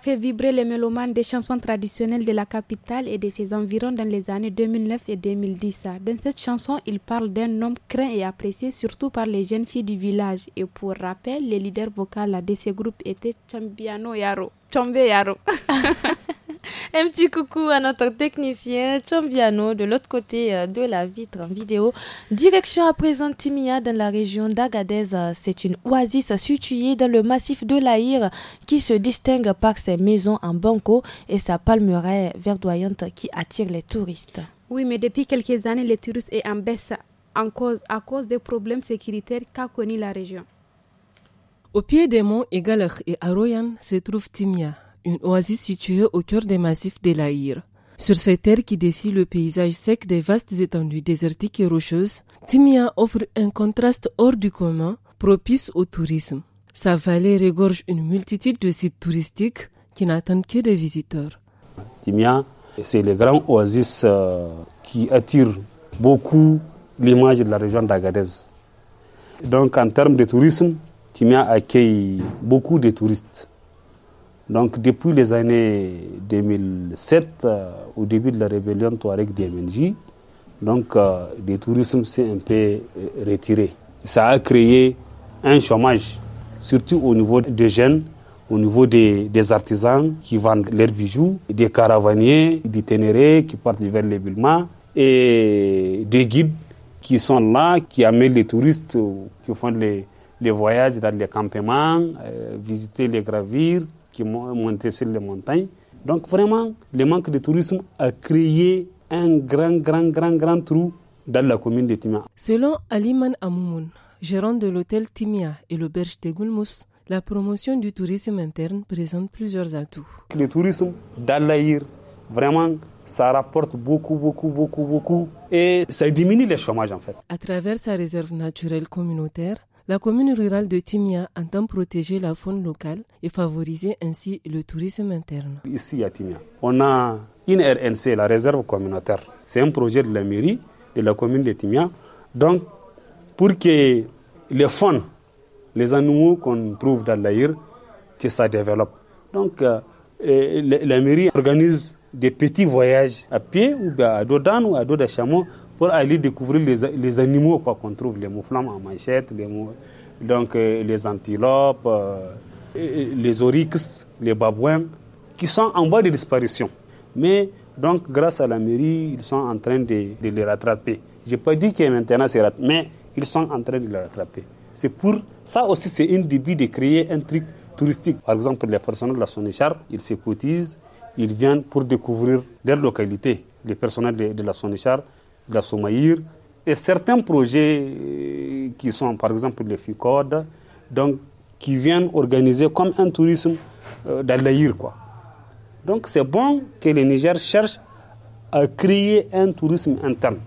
fait vibrer les mélomanes des chansons traditionnelles de la capitale et de ses environs dans les années 2009 et 2010. Dans cette chanson, il parle d'un homme craint et apprécié surtout par les jeunes filles du village. Et pour rappel, le leader vocal de ce groupe était Chambiano Yaro. Chombe Yaro. [LAUGHS] Un petit coucou à notre technicien Chombiano de l'autre côté euh, de la vitre en vidéo. Direction à présent Timia dans la région d'Agadez. Euh, C'est une oasis située dans le massif de l'Aïr qui se distingue par ses maisons en banco et sa palmeraie verdoyante qui attire les touristes. Oui, mais depuis quelques années, les touristes est en baisse en cause, à cause des problèmes sécuritaires qu'a connu la région. Au pied des monts Egalach et Aroyan se trouve Timia, une oasis située au cœur des massifs l'Aïr. Sur ces terres qui défient le paysage sec des vastes étendues désertiques et rocheuses, Timia offre un contraste hors du commun, propice au tourisme. Sa vallée regorge une multitude de sites touristiques qui n'attendent que des visiteurs. Timia, c'est le grand oasis euh, qui attire beaucoup l'image de la région d'Agadez. Donc en termes de tourisme, Timia accueille beaucoup de touristes. Donc depuis les années 2007, euh, au début de la rébellion Touareg d'Yemenji, donc euh, le tourisme s'est un peu euh, retiré. Ça a créé un chômage, surtout au niveau des jeunes, au niveau des, artisans qui vendent leurs bijoux, des caravaniers, des ténérés qui partent vers les Bulma et des guides qui sont là, qui amènent les touristes, qui font les, les voyages dans les campements, euh, visiter les gravires, qui montent sur les montagnes. Donc vraiment, le manque de tourisme a créé un grand, grand, grand, grand trou dans la commune de Timia. Selon Aliman Amoun, gérant de l'hôtel Timia et l'auberge de la promotion du tourisme interne présente plusieurs atouts. Le tourisme d'Alaïr, vraiment, ça rapporte beaucoup, beaucoup, beaucoup, beaucoup et ça diminue le chômage en fait. À travers sa réserve naturelle communautaire, la commune rurale de Timia entend protéger la faune locale et favoriser ainsi le tourisme interne. Ici à Timia, on a une RNC, la réserve communautaire. C'est un projet de la mairie de la commune de Timia. Donc, pour que les faunes, les animaux qu'on trouve dans l'air, que ça développe. Donc, euh, la, mairie organise des petits voyages à pied ou à dos d'âne ou à dos de chameau pour aller découvrir les, les animaux quoi, qu'on trouve, les mouflons en manchette, les, donc, euh, les antilopes, euh, les oryx, les babouins, qui sont en voie de disparition. Mais donc, grâce à la mairie, ils sont en train de, de les rattraper. Je n'ai pas dit que maintenant c'est rattrapé, mais ils sont en train de les rattraper. C'est pour ça aussi, c'est un débit de créer un truc touristique. Par exemple, les personnels de la Sonichar, ils se cotisent, ils viennent pour découvrir leur localité. Les personnels de, de la Sonichar, Gassomaïr, et certains projets euh, qui sont par exemple les FICOD, donc qui viennent organiser comme un tourisme euh, d'Alaïr. Donc c'est bon que le Niger cherche à créer un tourisme interne.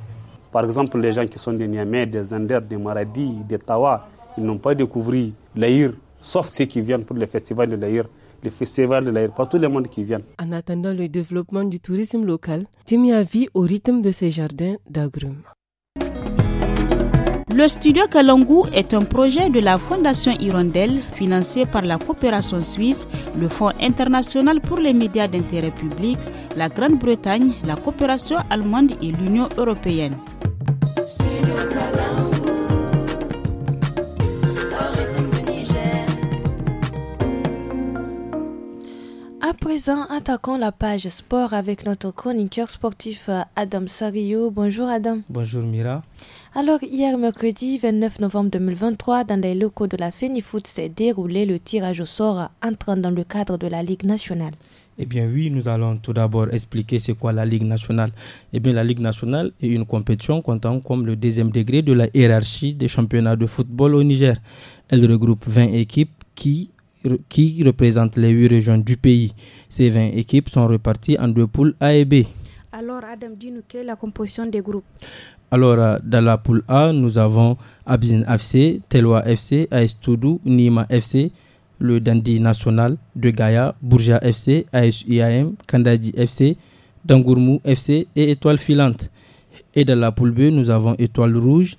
Par exemple, les gens qui sont des Niamey, des Zinder des Maradi, des Tawa, ils n'ont pas découvert l'Aïr, sauf ceux qui viennent pour le festival de l'Aïr les festivals de l'aéroport, tout le monde qui vient. En attendant le développement du tourisme local, Timia vit au rythme de ses jardins d'agrumes. Le studio Kalangu est un projet de la Fondation Hirondelle financé par la coopération suisse, le Fonds international pour les médias d'intérêt public, la Grande-Bretagne, la coopération allemande et l'Union européenne. présent, attaquons la page sport avec notre chroniqueur sportif euh, Adam Sariou Bonjour Adam. Bonjour Mira. Alors, hier mercredi 29 novembre 2023, dans les locaux de la FENIFOOT s'est déroulé le tirage au sort entrant dans le cadre de la Ligue nationale. Eh bien oui, nous allons tout d'abord expliquer ce qu'est la Ligue nationale. Eh bien la Ligue nationale est une compétition comptant comme le deuxième degré de la hiérarchie des championnats de football au Niger. Elle regroupe 20 équipes qui qui représentent les huit régions du pays. Ces 20 équipes sont reparties en deux poules A et B. Alors, Adam, dis-nous quelle est la composition des groupes alors, euh, dans la poule A, nous avons Abzin FC, Telwa FC, AS Toudou, Nima FC, le Dandi National de Gaïa, Bourja FC, AS IAM, Kandaji FC, Dangourmou FC et Étoile Filante. Et dans la poule B, nous avons Étoile Rouge,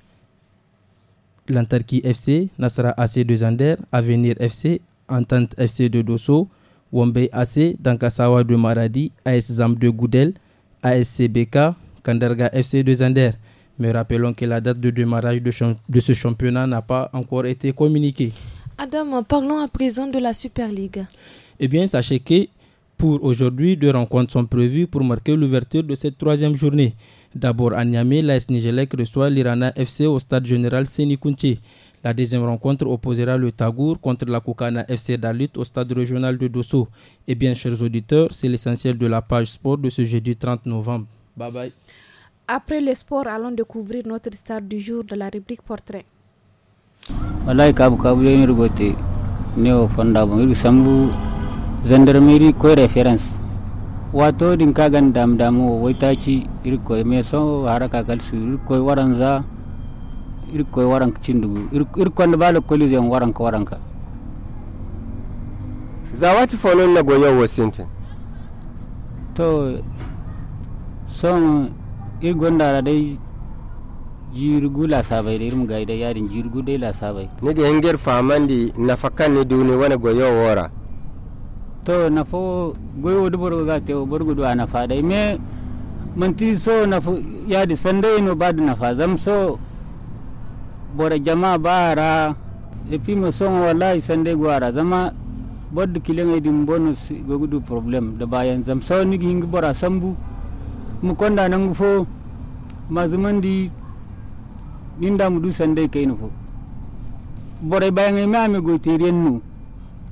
Lantarki FC, Nasra AC de Zander, Avenir FC, Entente FC de Dosso, Wombe AC, Dankasawa de Maradi, AS Zam de Goudel, ASC BK, Kandarga FC de Zander. Mais rappelons que la date de démarrage de, ce championnat n'a pas encore été communiquée. Adam, parlons à présent de la Super League. Eh bien, sachez que pour aujourd'hui, deux rencontres sont prévues pour marquer l'ouverture de cette troisième journée. D'abord à Niamey, l'AS Nigelec reçoit l'Irana FC au stade général Sénikounti. La deuxième rencontre opposera le Tagour contre la Koukana FC Dalut au stade régional de Dosso. Eh bien, chers auditeurs, c'est l'essentiel de la page sport de ce jeudi 30 novembre. Bye bye. Après le sport, allons découvrir notre star du jour de la rubrique portrait. waranza irko waranka cindugu irkonde bala colise en waranka waranka zawati fonon na goyon sintin. to son da dai jirgu la sabai da irmu gaida yarin jirgu dai la sabai ni da hingir famandi na fakan ni duni wani goyo wora to na fo goyo du borgo ga te borgo do ana fa dai me manti so na fo yadi sandai no bad na fa zam so Bora jama bara e puis mo son wallahi sande gwara zama bodu kilenga din bonus gogudu problem da bayan zam so ni gingi bora sambu mu konda nan fo mazumandi ninda mu du sande kaino fo bora bayan ma me go teriyen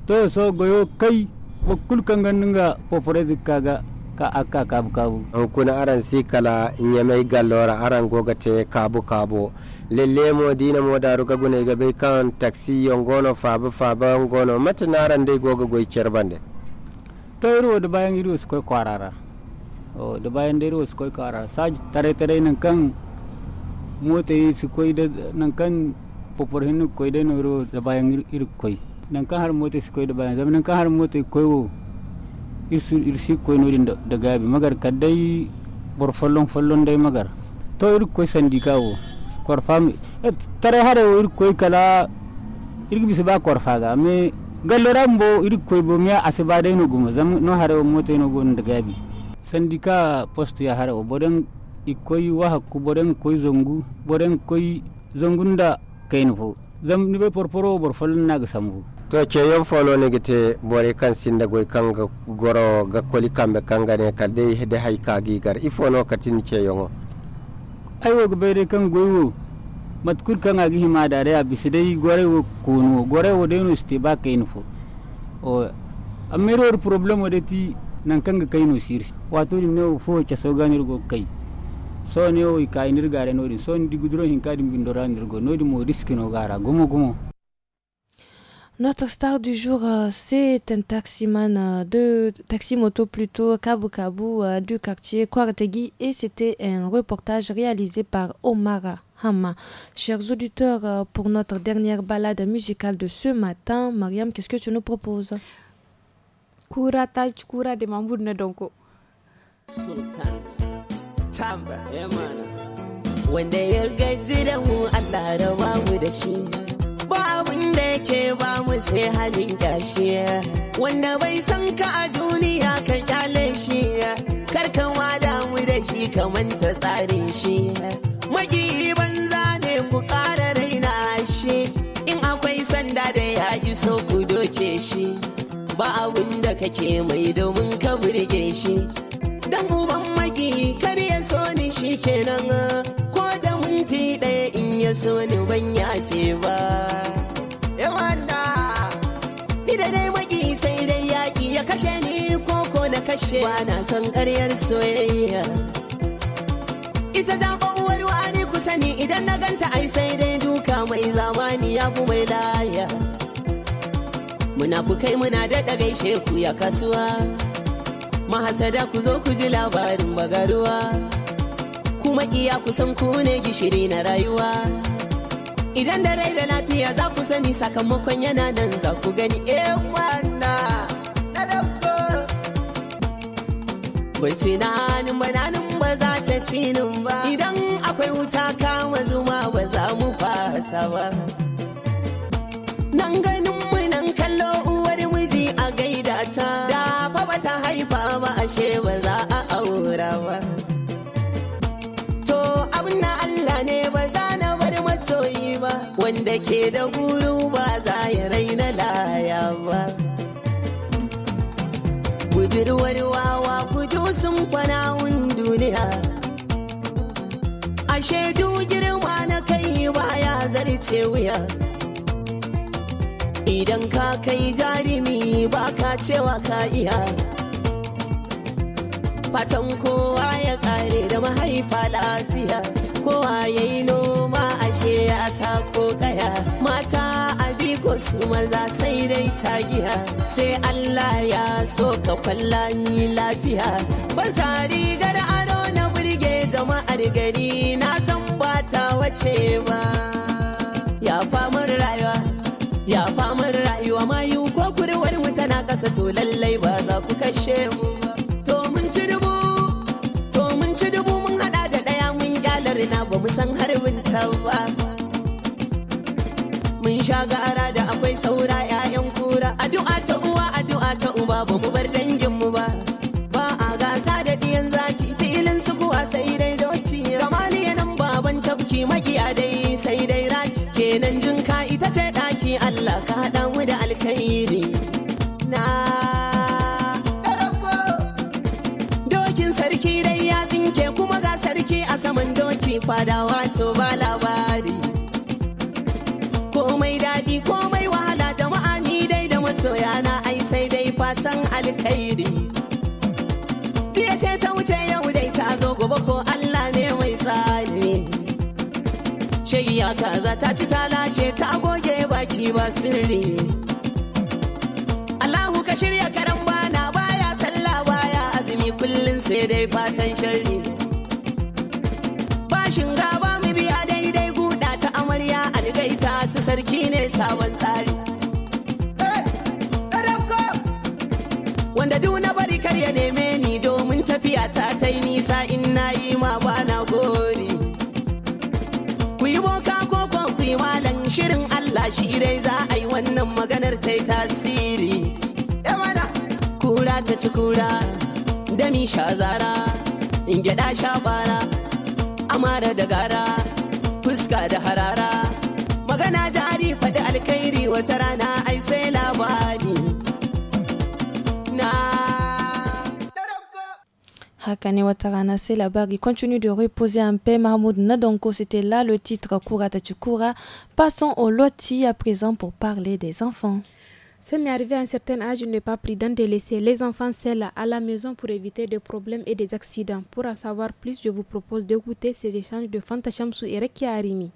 to so goyo kai bokul kanganga nga popore zikaga ka aka kabu kabu an kuna aran si kala in mai gallora aran goga te kabu kabu lelle mo dina mo daru ga gune ga bai kan taksi yongono faba faba yongono mata naran dai goga goyi kerbande to iro da bayan iro su koi kwarara o da bayan da iro su koi kwarara saji tare tare nan kan mota yi su koi da nan kan popor hinu koi da noro da bayan iro koi nan kan har mota su koi da bayan zama nan kan har mota koi wo isur irsi koy no da gabi magar kadai bor follon follon dai magar to ir koy sandika wo korfam e, tare hare ir koy kala ir bisi ba ga me galloran mbo ir koy bo miya asiba dai no gumo zam no hare wo mote no gon da gabi sandika post ya hare wo boden ikoy wa ku boden koy zongu boden koy zongunda kain fo zam ni be porporo bor follon naga sambu to ceyon ne gite bore kan sinda goy kanga goro ga koli kambe kanga ne kalde hede hay kagi gar i ifono katin ceyongo aiwo ga bayre kan goywo matkur kan agi hima da dai abisidai gore wo kono gore wo de no ste ba kain fo o amero problem wo de ti nan kan ga kaino sirsi wato ni ne fo ce so ganir go kai so ne o ka inir gare no din so ni digudro hin kadin bindoranir go no di mo riski no gara gumo gumo Notre star du jour, euh, c'est un taximan euh, de taxi-moto plutôt Kabu Kabu euh, du quartier Kwarategi et c'était un reportage réalisé par Omar Hama. Chers auditeurs, pour notre dernière balade musicale de ce matin, Mariam, qu'est-ce que tu nous proposes Kura Taj Kura de Sultan. da yake ba mu sai halin gashi wanda bai san ka a duniya ka kyale shi wada mu da shi kamar ta tsare shi magi banza ne ku ƙara raina shi in akwai sanda da ya iso ku doke shi ba abin da kake mai domin ka burge shi dan uban magi kar ya so ni shi kenan ko da minti ɗaya in ya so ni ban yafe ba kashe na son karyar soyayya ita ja uwar wani kusa ne, idan na ganta ai sai dai duka mai zamani ya fi mai laya muna ku kai muna daɗa gaishe ku ya kasuwa mahasada ku zo ku ji labarin bagaruwa kuma iya kusan ku ne gishiri na rayuwa idan da rai da lafiya za ku sani sakamakon yana nan za ku gani e wannan Kwanci na bananin ba za ta cinin ba. Idan akwai wuta kama zuma ba za mu fasa ba. Nan ganin mu nan kallo uwar miji a gaida ta. Da fa ba haifa ba ashe ba za a aura ba. To abin na Allah ne ba za na bar masoyi ba. Wanda ke da guru ba za ya raina laya ba. Budurwar wawa. manawun duniya ashe du girma na kai baya zarce wuya idan ka kai jarumi ba ka cewa ka iya fatan kowa ya kare da mahaifa lafiya kowa ya yi noma ashe ya tako kaya mata wasu maza sai dai ta giya, sai Allah ya so ka kwalla ni lafiya ba sa rigar ado na burge jama'ar gari na san ba ta wace ba ya famar rayuwa ya famar rayuwa mayu ko kurwar mu tana kasa to lallai ba za ku kashe mu to mun ci dubu to mun ci dubu mun hada da daya mun gyalar na ba mu san harbin ta ba Shagara da akwai saura 'ya'yan kura addu'a ta uwa addu'a ta uba ba mu bar dangin mu ba ba a gasa da diyan zaki filin su kuwa sai dai doci kamali nan baban tafki magiya dai sai dai raki kenan jinka ita ce daki Allah ka haɗa mu da alkhairi miya kaza ta ci ta lashe ta goge baki ba sirri Allahu ka shirya karan bana baya sallah baya azumi kullum sai dai fatan sharri bashin gaba mu biya daidai guda ta amarya algaita su sarki ne sabon tsari wanda duk bari kar ya neme ni domin tafiya ta ta yi nisa in na yi ma shi dai za a yi wannan maganar ta yi tasiri yamana eh, kura ta ci kura dami sha zara gyada sha bara amara da gara fuska da harara magana jari faɗi alkhairi wata rana ai sai labari Akane c'est la bague continue de reposer en paix. Mahmoud Nadonko, c'était là le titre Kura Tachukura. Passons au loti à présent pour parler des enfants. Ça m'est arrivé à un certain âge, il n'est pas prudent de laisser les enfants seuls à la maison pour éviter des problèmes et des accidents. Pour en savoir plus, je vous propose d'écouter ces échanges de Fantachamsu et Rekia Arimi.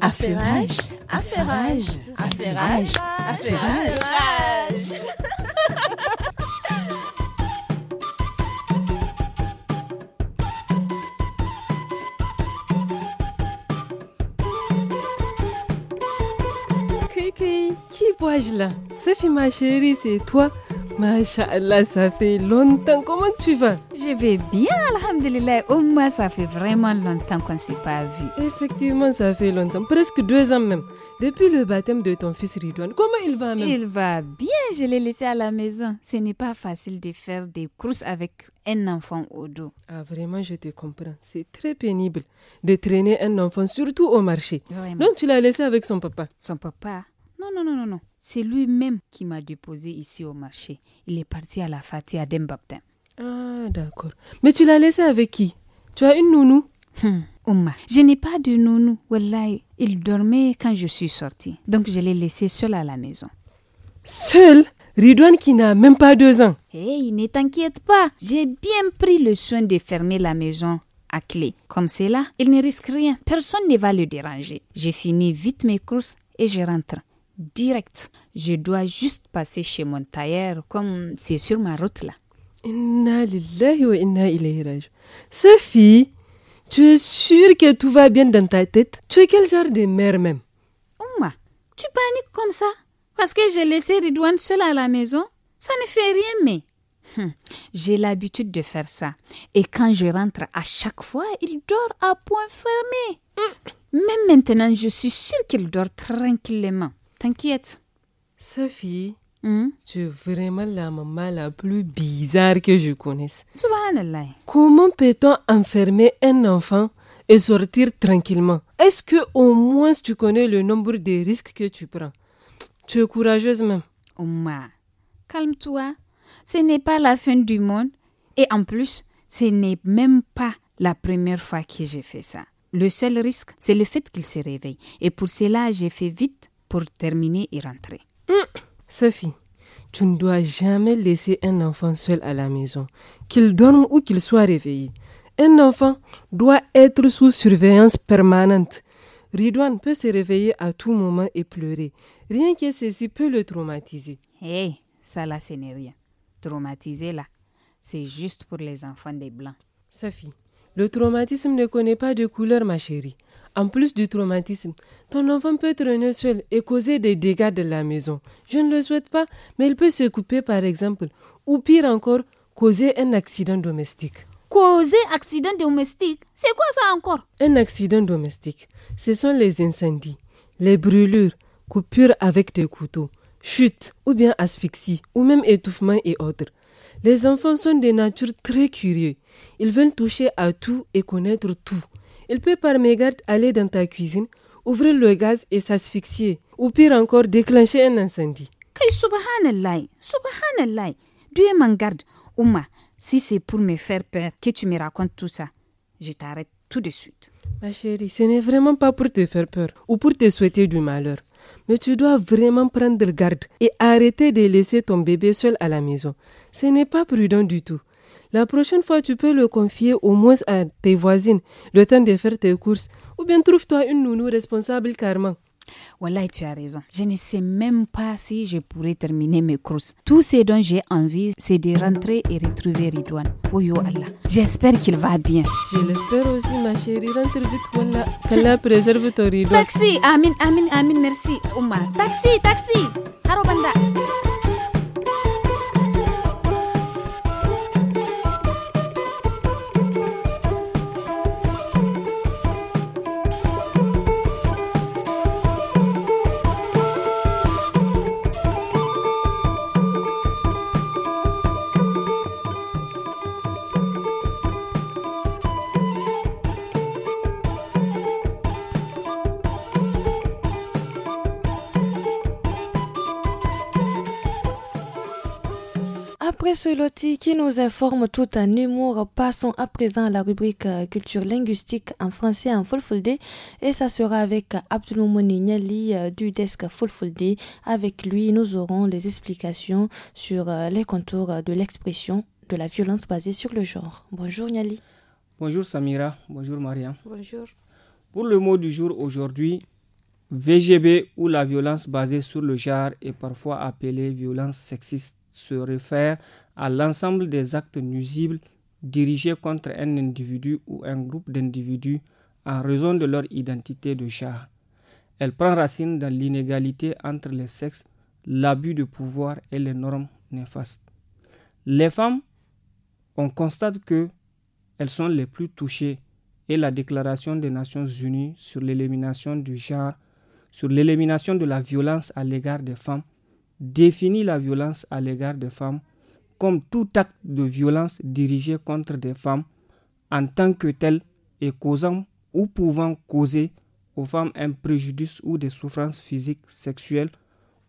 Affairage, affairage, affairage, affairage. Ok, Qui vois-je là Sophie, ma chérie, c'est toi. Masha'Allah, ça fait longtemps. Comment tu vas Je vais bien, Alhamdulillah. Au moins, ça fait vraiment longtemps qu'on ne s'est pas vu. Effectivement, ça fait longtemps. Presque deux ans même. Depuis le baptême de ton fils Ridouane, comment il va même Il va bien, je l'ai laissé à la maison. Ce n'est pas facile de faire des courses avec un enfant au dos. Ah, vraiment, je te comprends. C'est très pénible de traîner un enfant, surtout au marché. Donc, tu l'as laissé avec son papa Son papa non, non, non, non, non. C'est lui-même qui m'a déposé ici au marché. Il est parti à la Fatih à Dembaptin. Ah, d'accord. Mais tu l'as laissé avec qui Tu as une nounou hum, Oumma, je n'ai pas de nounou. Wallahi, il dormait quand je suis sortie. Donc je l'ai laissé seul à la maison. Seul Ridouane qui n'a même pas deux ans. Hey, ne t'inquiète pas. J'ai bien pris le soin de fermer la maison à clé. Comme c'est là, il ne risque rien. Personne ne va le déranger. J'ai fini vite mes courses et je rentre direct. Je dois juste passer chez mon tailleur comme c'est sur ma route là. Inna lillahi wa inna ilayhi raj. Sophie, tu es sûre que tout va bien dans ta tête Tu es quel genre de mère même Ouma, tu paniques comme ça Parce que j'ai laissé Ridouane seul à la maison Ça ne fait rien mais... Hum, j'ai l'habitude de faire ça. Et quand je rentre à chaque fois, il dort à point fermé. Hum. Même maintenant, je suis sûre qu'il dort tranquillement. T'inquiète. Sophie, hmm? tu es vraiment la maman la plus bizarre que je connaisse. Subhanallah. Comment peut-on enfermer un enfant et sortir tranquillement Est-ce que au moins tu connais le nombre de risques que tu prends Tu es courageuse même. Oma, calme-toi. Ce n'est pas la fin du monde. Et en plus, ce n'est même pas la première fois que j'ai fait ça. Le seul risque, c'est le fait qu'il se réveille. Et pour cela, j'ai fait vite pour terminer et rentrer. Hum. Sophie, tu ne dois jamais laisser un enfant seul à la maison, qu'il dorme ou qu'il soit réveillé. Un enfant doit être sous surveillance permanente. Ridouane peut se réveiller à tout moment et pleurer. Rien que ceci peut le traumatiser. Hé, ça là, ce n'est rien. Traumatiser là, c'est juste pour les enfants des Blancs. Sophie, le traumatisme ne connaît pas de couleur, ma chérie. En plus du traumatisme, ton enfant peut traîner seul et causer des dégâts de la maison. Je ne le souhaite pas, mais il peut se couper par exemple, ou pire encore, causer un accident domestique. Causer accident domestique C'est quoi ça encore Un accident domestique, ce sont les incendies, les brûlures, coupures avec des couteaux, chutes ou bien asphyxie, ou même étouffement et autres. Les enfants sont de nature très curieux. Ils veulent toucher à tout et connaître tout. Il peut par mégarde aller dans ta cuisine, ouvrir le gaz et s'asphyxier, ou pire encore déclencher un incendie. subhanallah, subhanallah, Dieu m'en garde. Ouma, si c'est pour me faire peur que tu me racontes tout ça, je t'arrête tout de suite. Ma chérie, ce n'est vraiment pas pour te faire peur ou pour te souhaiter du malheur. Mais tu dois vraiment prendre garde et arrêter de laisser ton bébé seul à la maison. Ce n'est pas prudent du tout. La prochaine fois, tu peux le confier au moins à tes voisines, le temps de faire tes courses. Ou bien trouve-toi une nounou responsable carrément. Voilà, tu as raison. Je ne sais même pas si je pourrais terminer mes courses. Tout ce dont j'ai envie, c'est de rentrer et retrouver Ridwan. Oh Allah. J'espère qu'il va bien. Je l'espère aussi, ma chérie. Rentre vite, Wallah. Qu'Allah préserve ton Ridwan. Taxi, Amin, Amin, Amin, merci. Omar. Taxi, taxi. Harobanda. Après qui nous informe tout un humour, passons à présent à la rubrique euh, culture linguistique en français en Fulfulde et ça sera avec Abdouloumouni Niali euh, du desk Fulfulde. Avec lui, nous aurons les explications sur euh, les contours de l'expression de la violence basée sur le genre. Bonjour Niali. Bonjour Samira, bonjour Maria. Bonjour. Pour le mot du jour aujourd'hui, VGB ou la violence basée sur le genre est parfois appelée violence sexiste se réfère à l'ensemble des actes nuisibles dirigés contre un individu ou un groupe d'individus en raison de leur identité de genre. Elle prend racine dans l'inégalité entre les sexes, l'abus de pouvoir et les normes néfastes. Les femmes, on constate que elles sont les plus touchées et la Déclaration des Nations Unies sur l'élimination du genre, sur l'élimination de la violence à l'égard des femmes, définit la violence à l'égard des femmes comme tout acte de violence dirigé contre des femmes en tant que tel et causant ou pouvant causer aux femmes un préjudice ou des souffrances physiques, sexuelles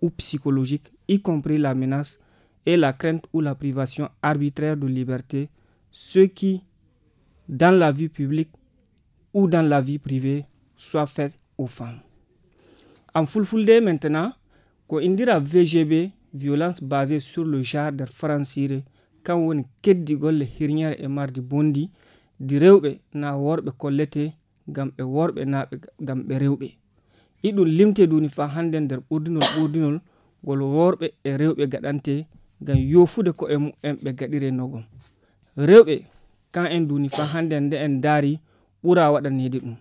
ou psychologiques, y compris la menace et la crainte ou la privation arbitraire de liberté, ce qui, dans la vie publique ou dans la vie privée, soit fait aux femmes. En full full day maintenant, ko indira vgb violence basée sur le genre nder francire kan woni keddigolle hirñere e mardi bondi di rewɓe na worɓe kollete gam e worɓe na gam ɓe rewɓe iɗum limte duni fa hande nder ɓurdinol ɓurdinol gol worɓe e rewɓe gaɗante gam yofude ko e mumen ɓe gaɗire kan en duni fa hande nde en daari ɓura waɗanede ɗum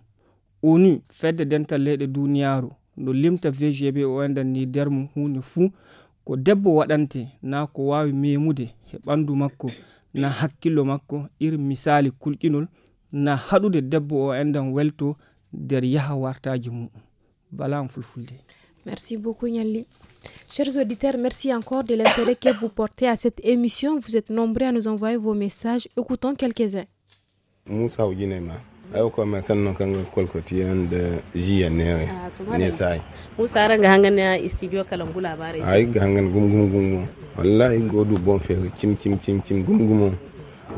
oni fedde dental leyɗe duniyaru no limta vgb o andan ni dermu mum hunde fuu ko debbo waɗante na ko wawi memude e ɓandu makko na hakkillo makko iri misali kulqinol na haɗude debbo o andan welto nder yaha wartaji muɗum bala fulfulde merci beaucoup ñalli Chers auditeurs, merci encore de l'intérêt que vous portez à cette émission. Vous êtes nombreux à nous envoyer vos messages. Écoutons quelques-uns. Moussa Oginema. ayo ko men sanno kanga kolkoti ande jiya ne ah, ne sai musa ga hangan na studio kalangu labare ai ga hangan gum gum gum wallahi godu bon fe cim cim cim cim gum gum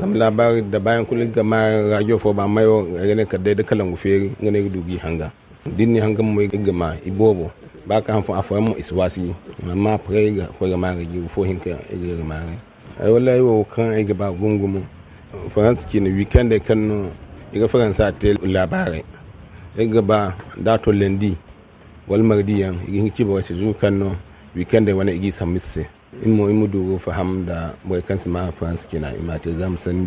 lam labari da bayan kulli ga ma radio fo ba mayo ne ka dai da kalangu fe ngane dubi hanga din dinni hanga mo ga ma ibobo ba ka hanfo afo mu iswasi amma pray ga ko ga ma ga fo hinka ga ma ai wallahi wo kan ai ga ba gum gum france ki ne weekend e kan no daga faransa ta labarai daga ba da lendi walmar diyan igin kibo wasi zukanno wikende wani igi samise in mu mu dugu faham da boy kan sama france kina imate zam san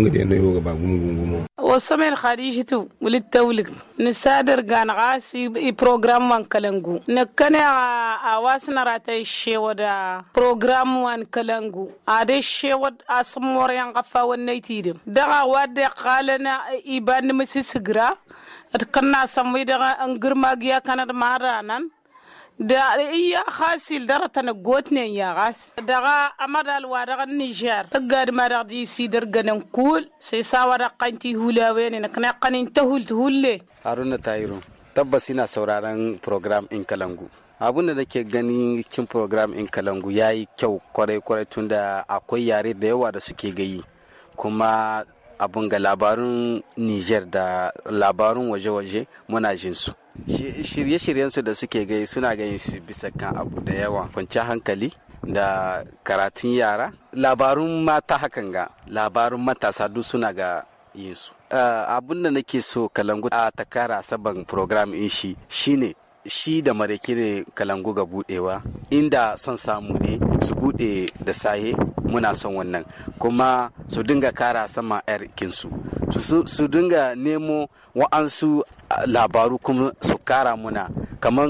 ngade no ga ba gum gum gum wasamel khadijatu wulit tawlik ni sadar gan gasi i program wan kalangu ne kane a wasna rata shewada program wan kalangu ade shewad asmor yan gafa wannan tidim daga wadde qalana iban misisigra at kanna samwi daga an girma giya kanar maranan da iya hasil dara tana gotne ya gas daga amadal wa daga niger tagad marar di sidar ganan kul sai sawara kanti hulawe ne kana kanin ta hul hulle haruna tayiro tabbas ina sauraron program in kalangu abun da nake ganin cikin program in kalangu yayi kyau kwarai kwarai tunda akwai yare da yawa da suke gayi kuma abun ga labarun niger da labarun waje-waje muna jinsu shirye-shiryensu da suke gai suna ganin su bisa kan abu da yawa kwanciyar hankali da karatun yara labarun mata hakan ga labarun matasa duk suna ga yinsu eh, abin da nake so kalangu a takara saban program in shi shine shi da mareke ne kalangu ga budewa inda son samu ne su bude da saye muna son wannan kuma su dinga kara sama yarkinsu su dinga nemo wa'ansu labaru kuma su kara muna kamar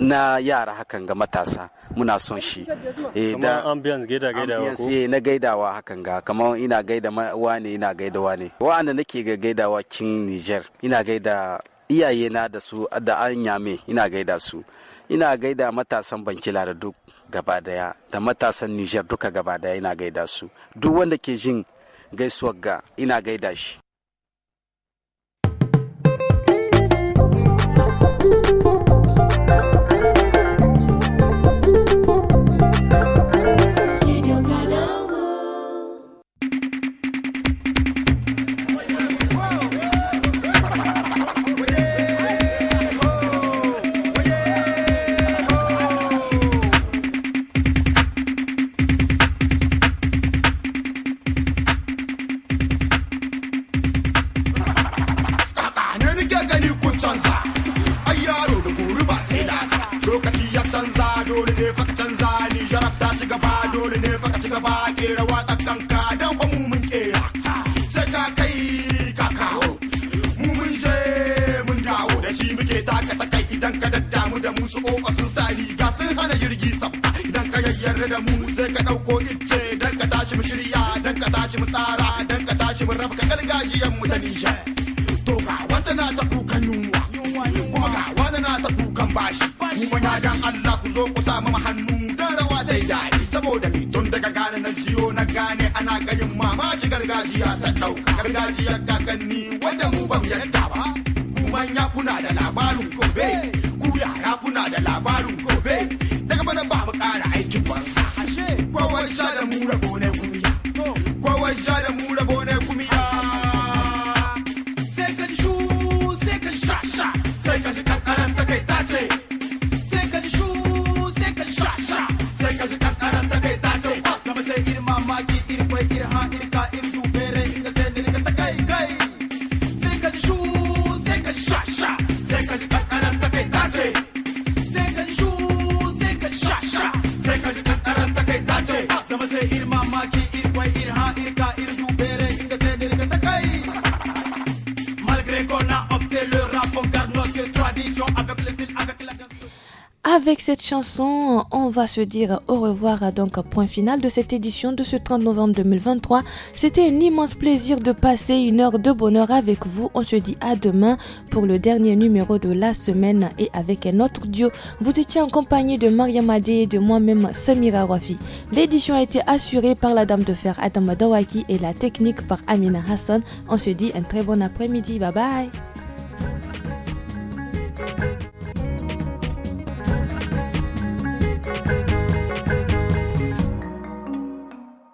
na yara hakan ga matasa muna son shi eh, ambiance ko eh, na gaidawa hakan ga kamar ina gaida wa ne ina gaidawa ne wa'anda nake ga gaidawa kin Niger ina gaida iyayena da su da an yame ina gaida su ina gaida matasan bankila da duk gaba daya da matasan Nijar duka gaba daya ina gaida su duk wanda ke jin gaisuwar ga ina gaida shi thank you ci gaba dole ne fa ka ci gaba kera wata kanka dan ba mu mun kera sai ka kai kaka mu mun je mun dawo da shi muke taka ta kai idan ka daddamu da mu su kofa sun sa riga sun hana jirgi sabta idan ka yayyarda da mu sai ka dauko ice dan ka tashi mu shirya dan ka tashi mu tsara dan ka tashi mu rabka gargajiyan mu ta nisha to ga wanda na ta kukan yunwa kuma ga wanda na ta kukan bashi kuma na dan Allah kakayin mamaki gargajiya ta ɗau gargajiya kakanni wanda mu ban yanta ba ku manya kuna da labarin gobe ku yara kuna da labarin gobe daga bana ba mu ƙara aikin banza ashe kowa sha da mu rabo chanson, euh, on va se dire au revoir donc point final de cette édition de ce 30 novembre 2023. C'était un immense plaisir de passer une heure de bonheur avec vous. On se dit à demain pour le dernier numéro de la semaine et avec un autre duo. Vous étiez en compagnie de Maria Madé et de moi-même Samira Rafi. L'édition a été assurée par la dame de fer Adam Dawaki et la technique par Amina Hassan. On se dit un très bon après-midi. Bye bye.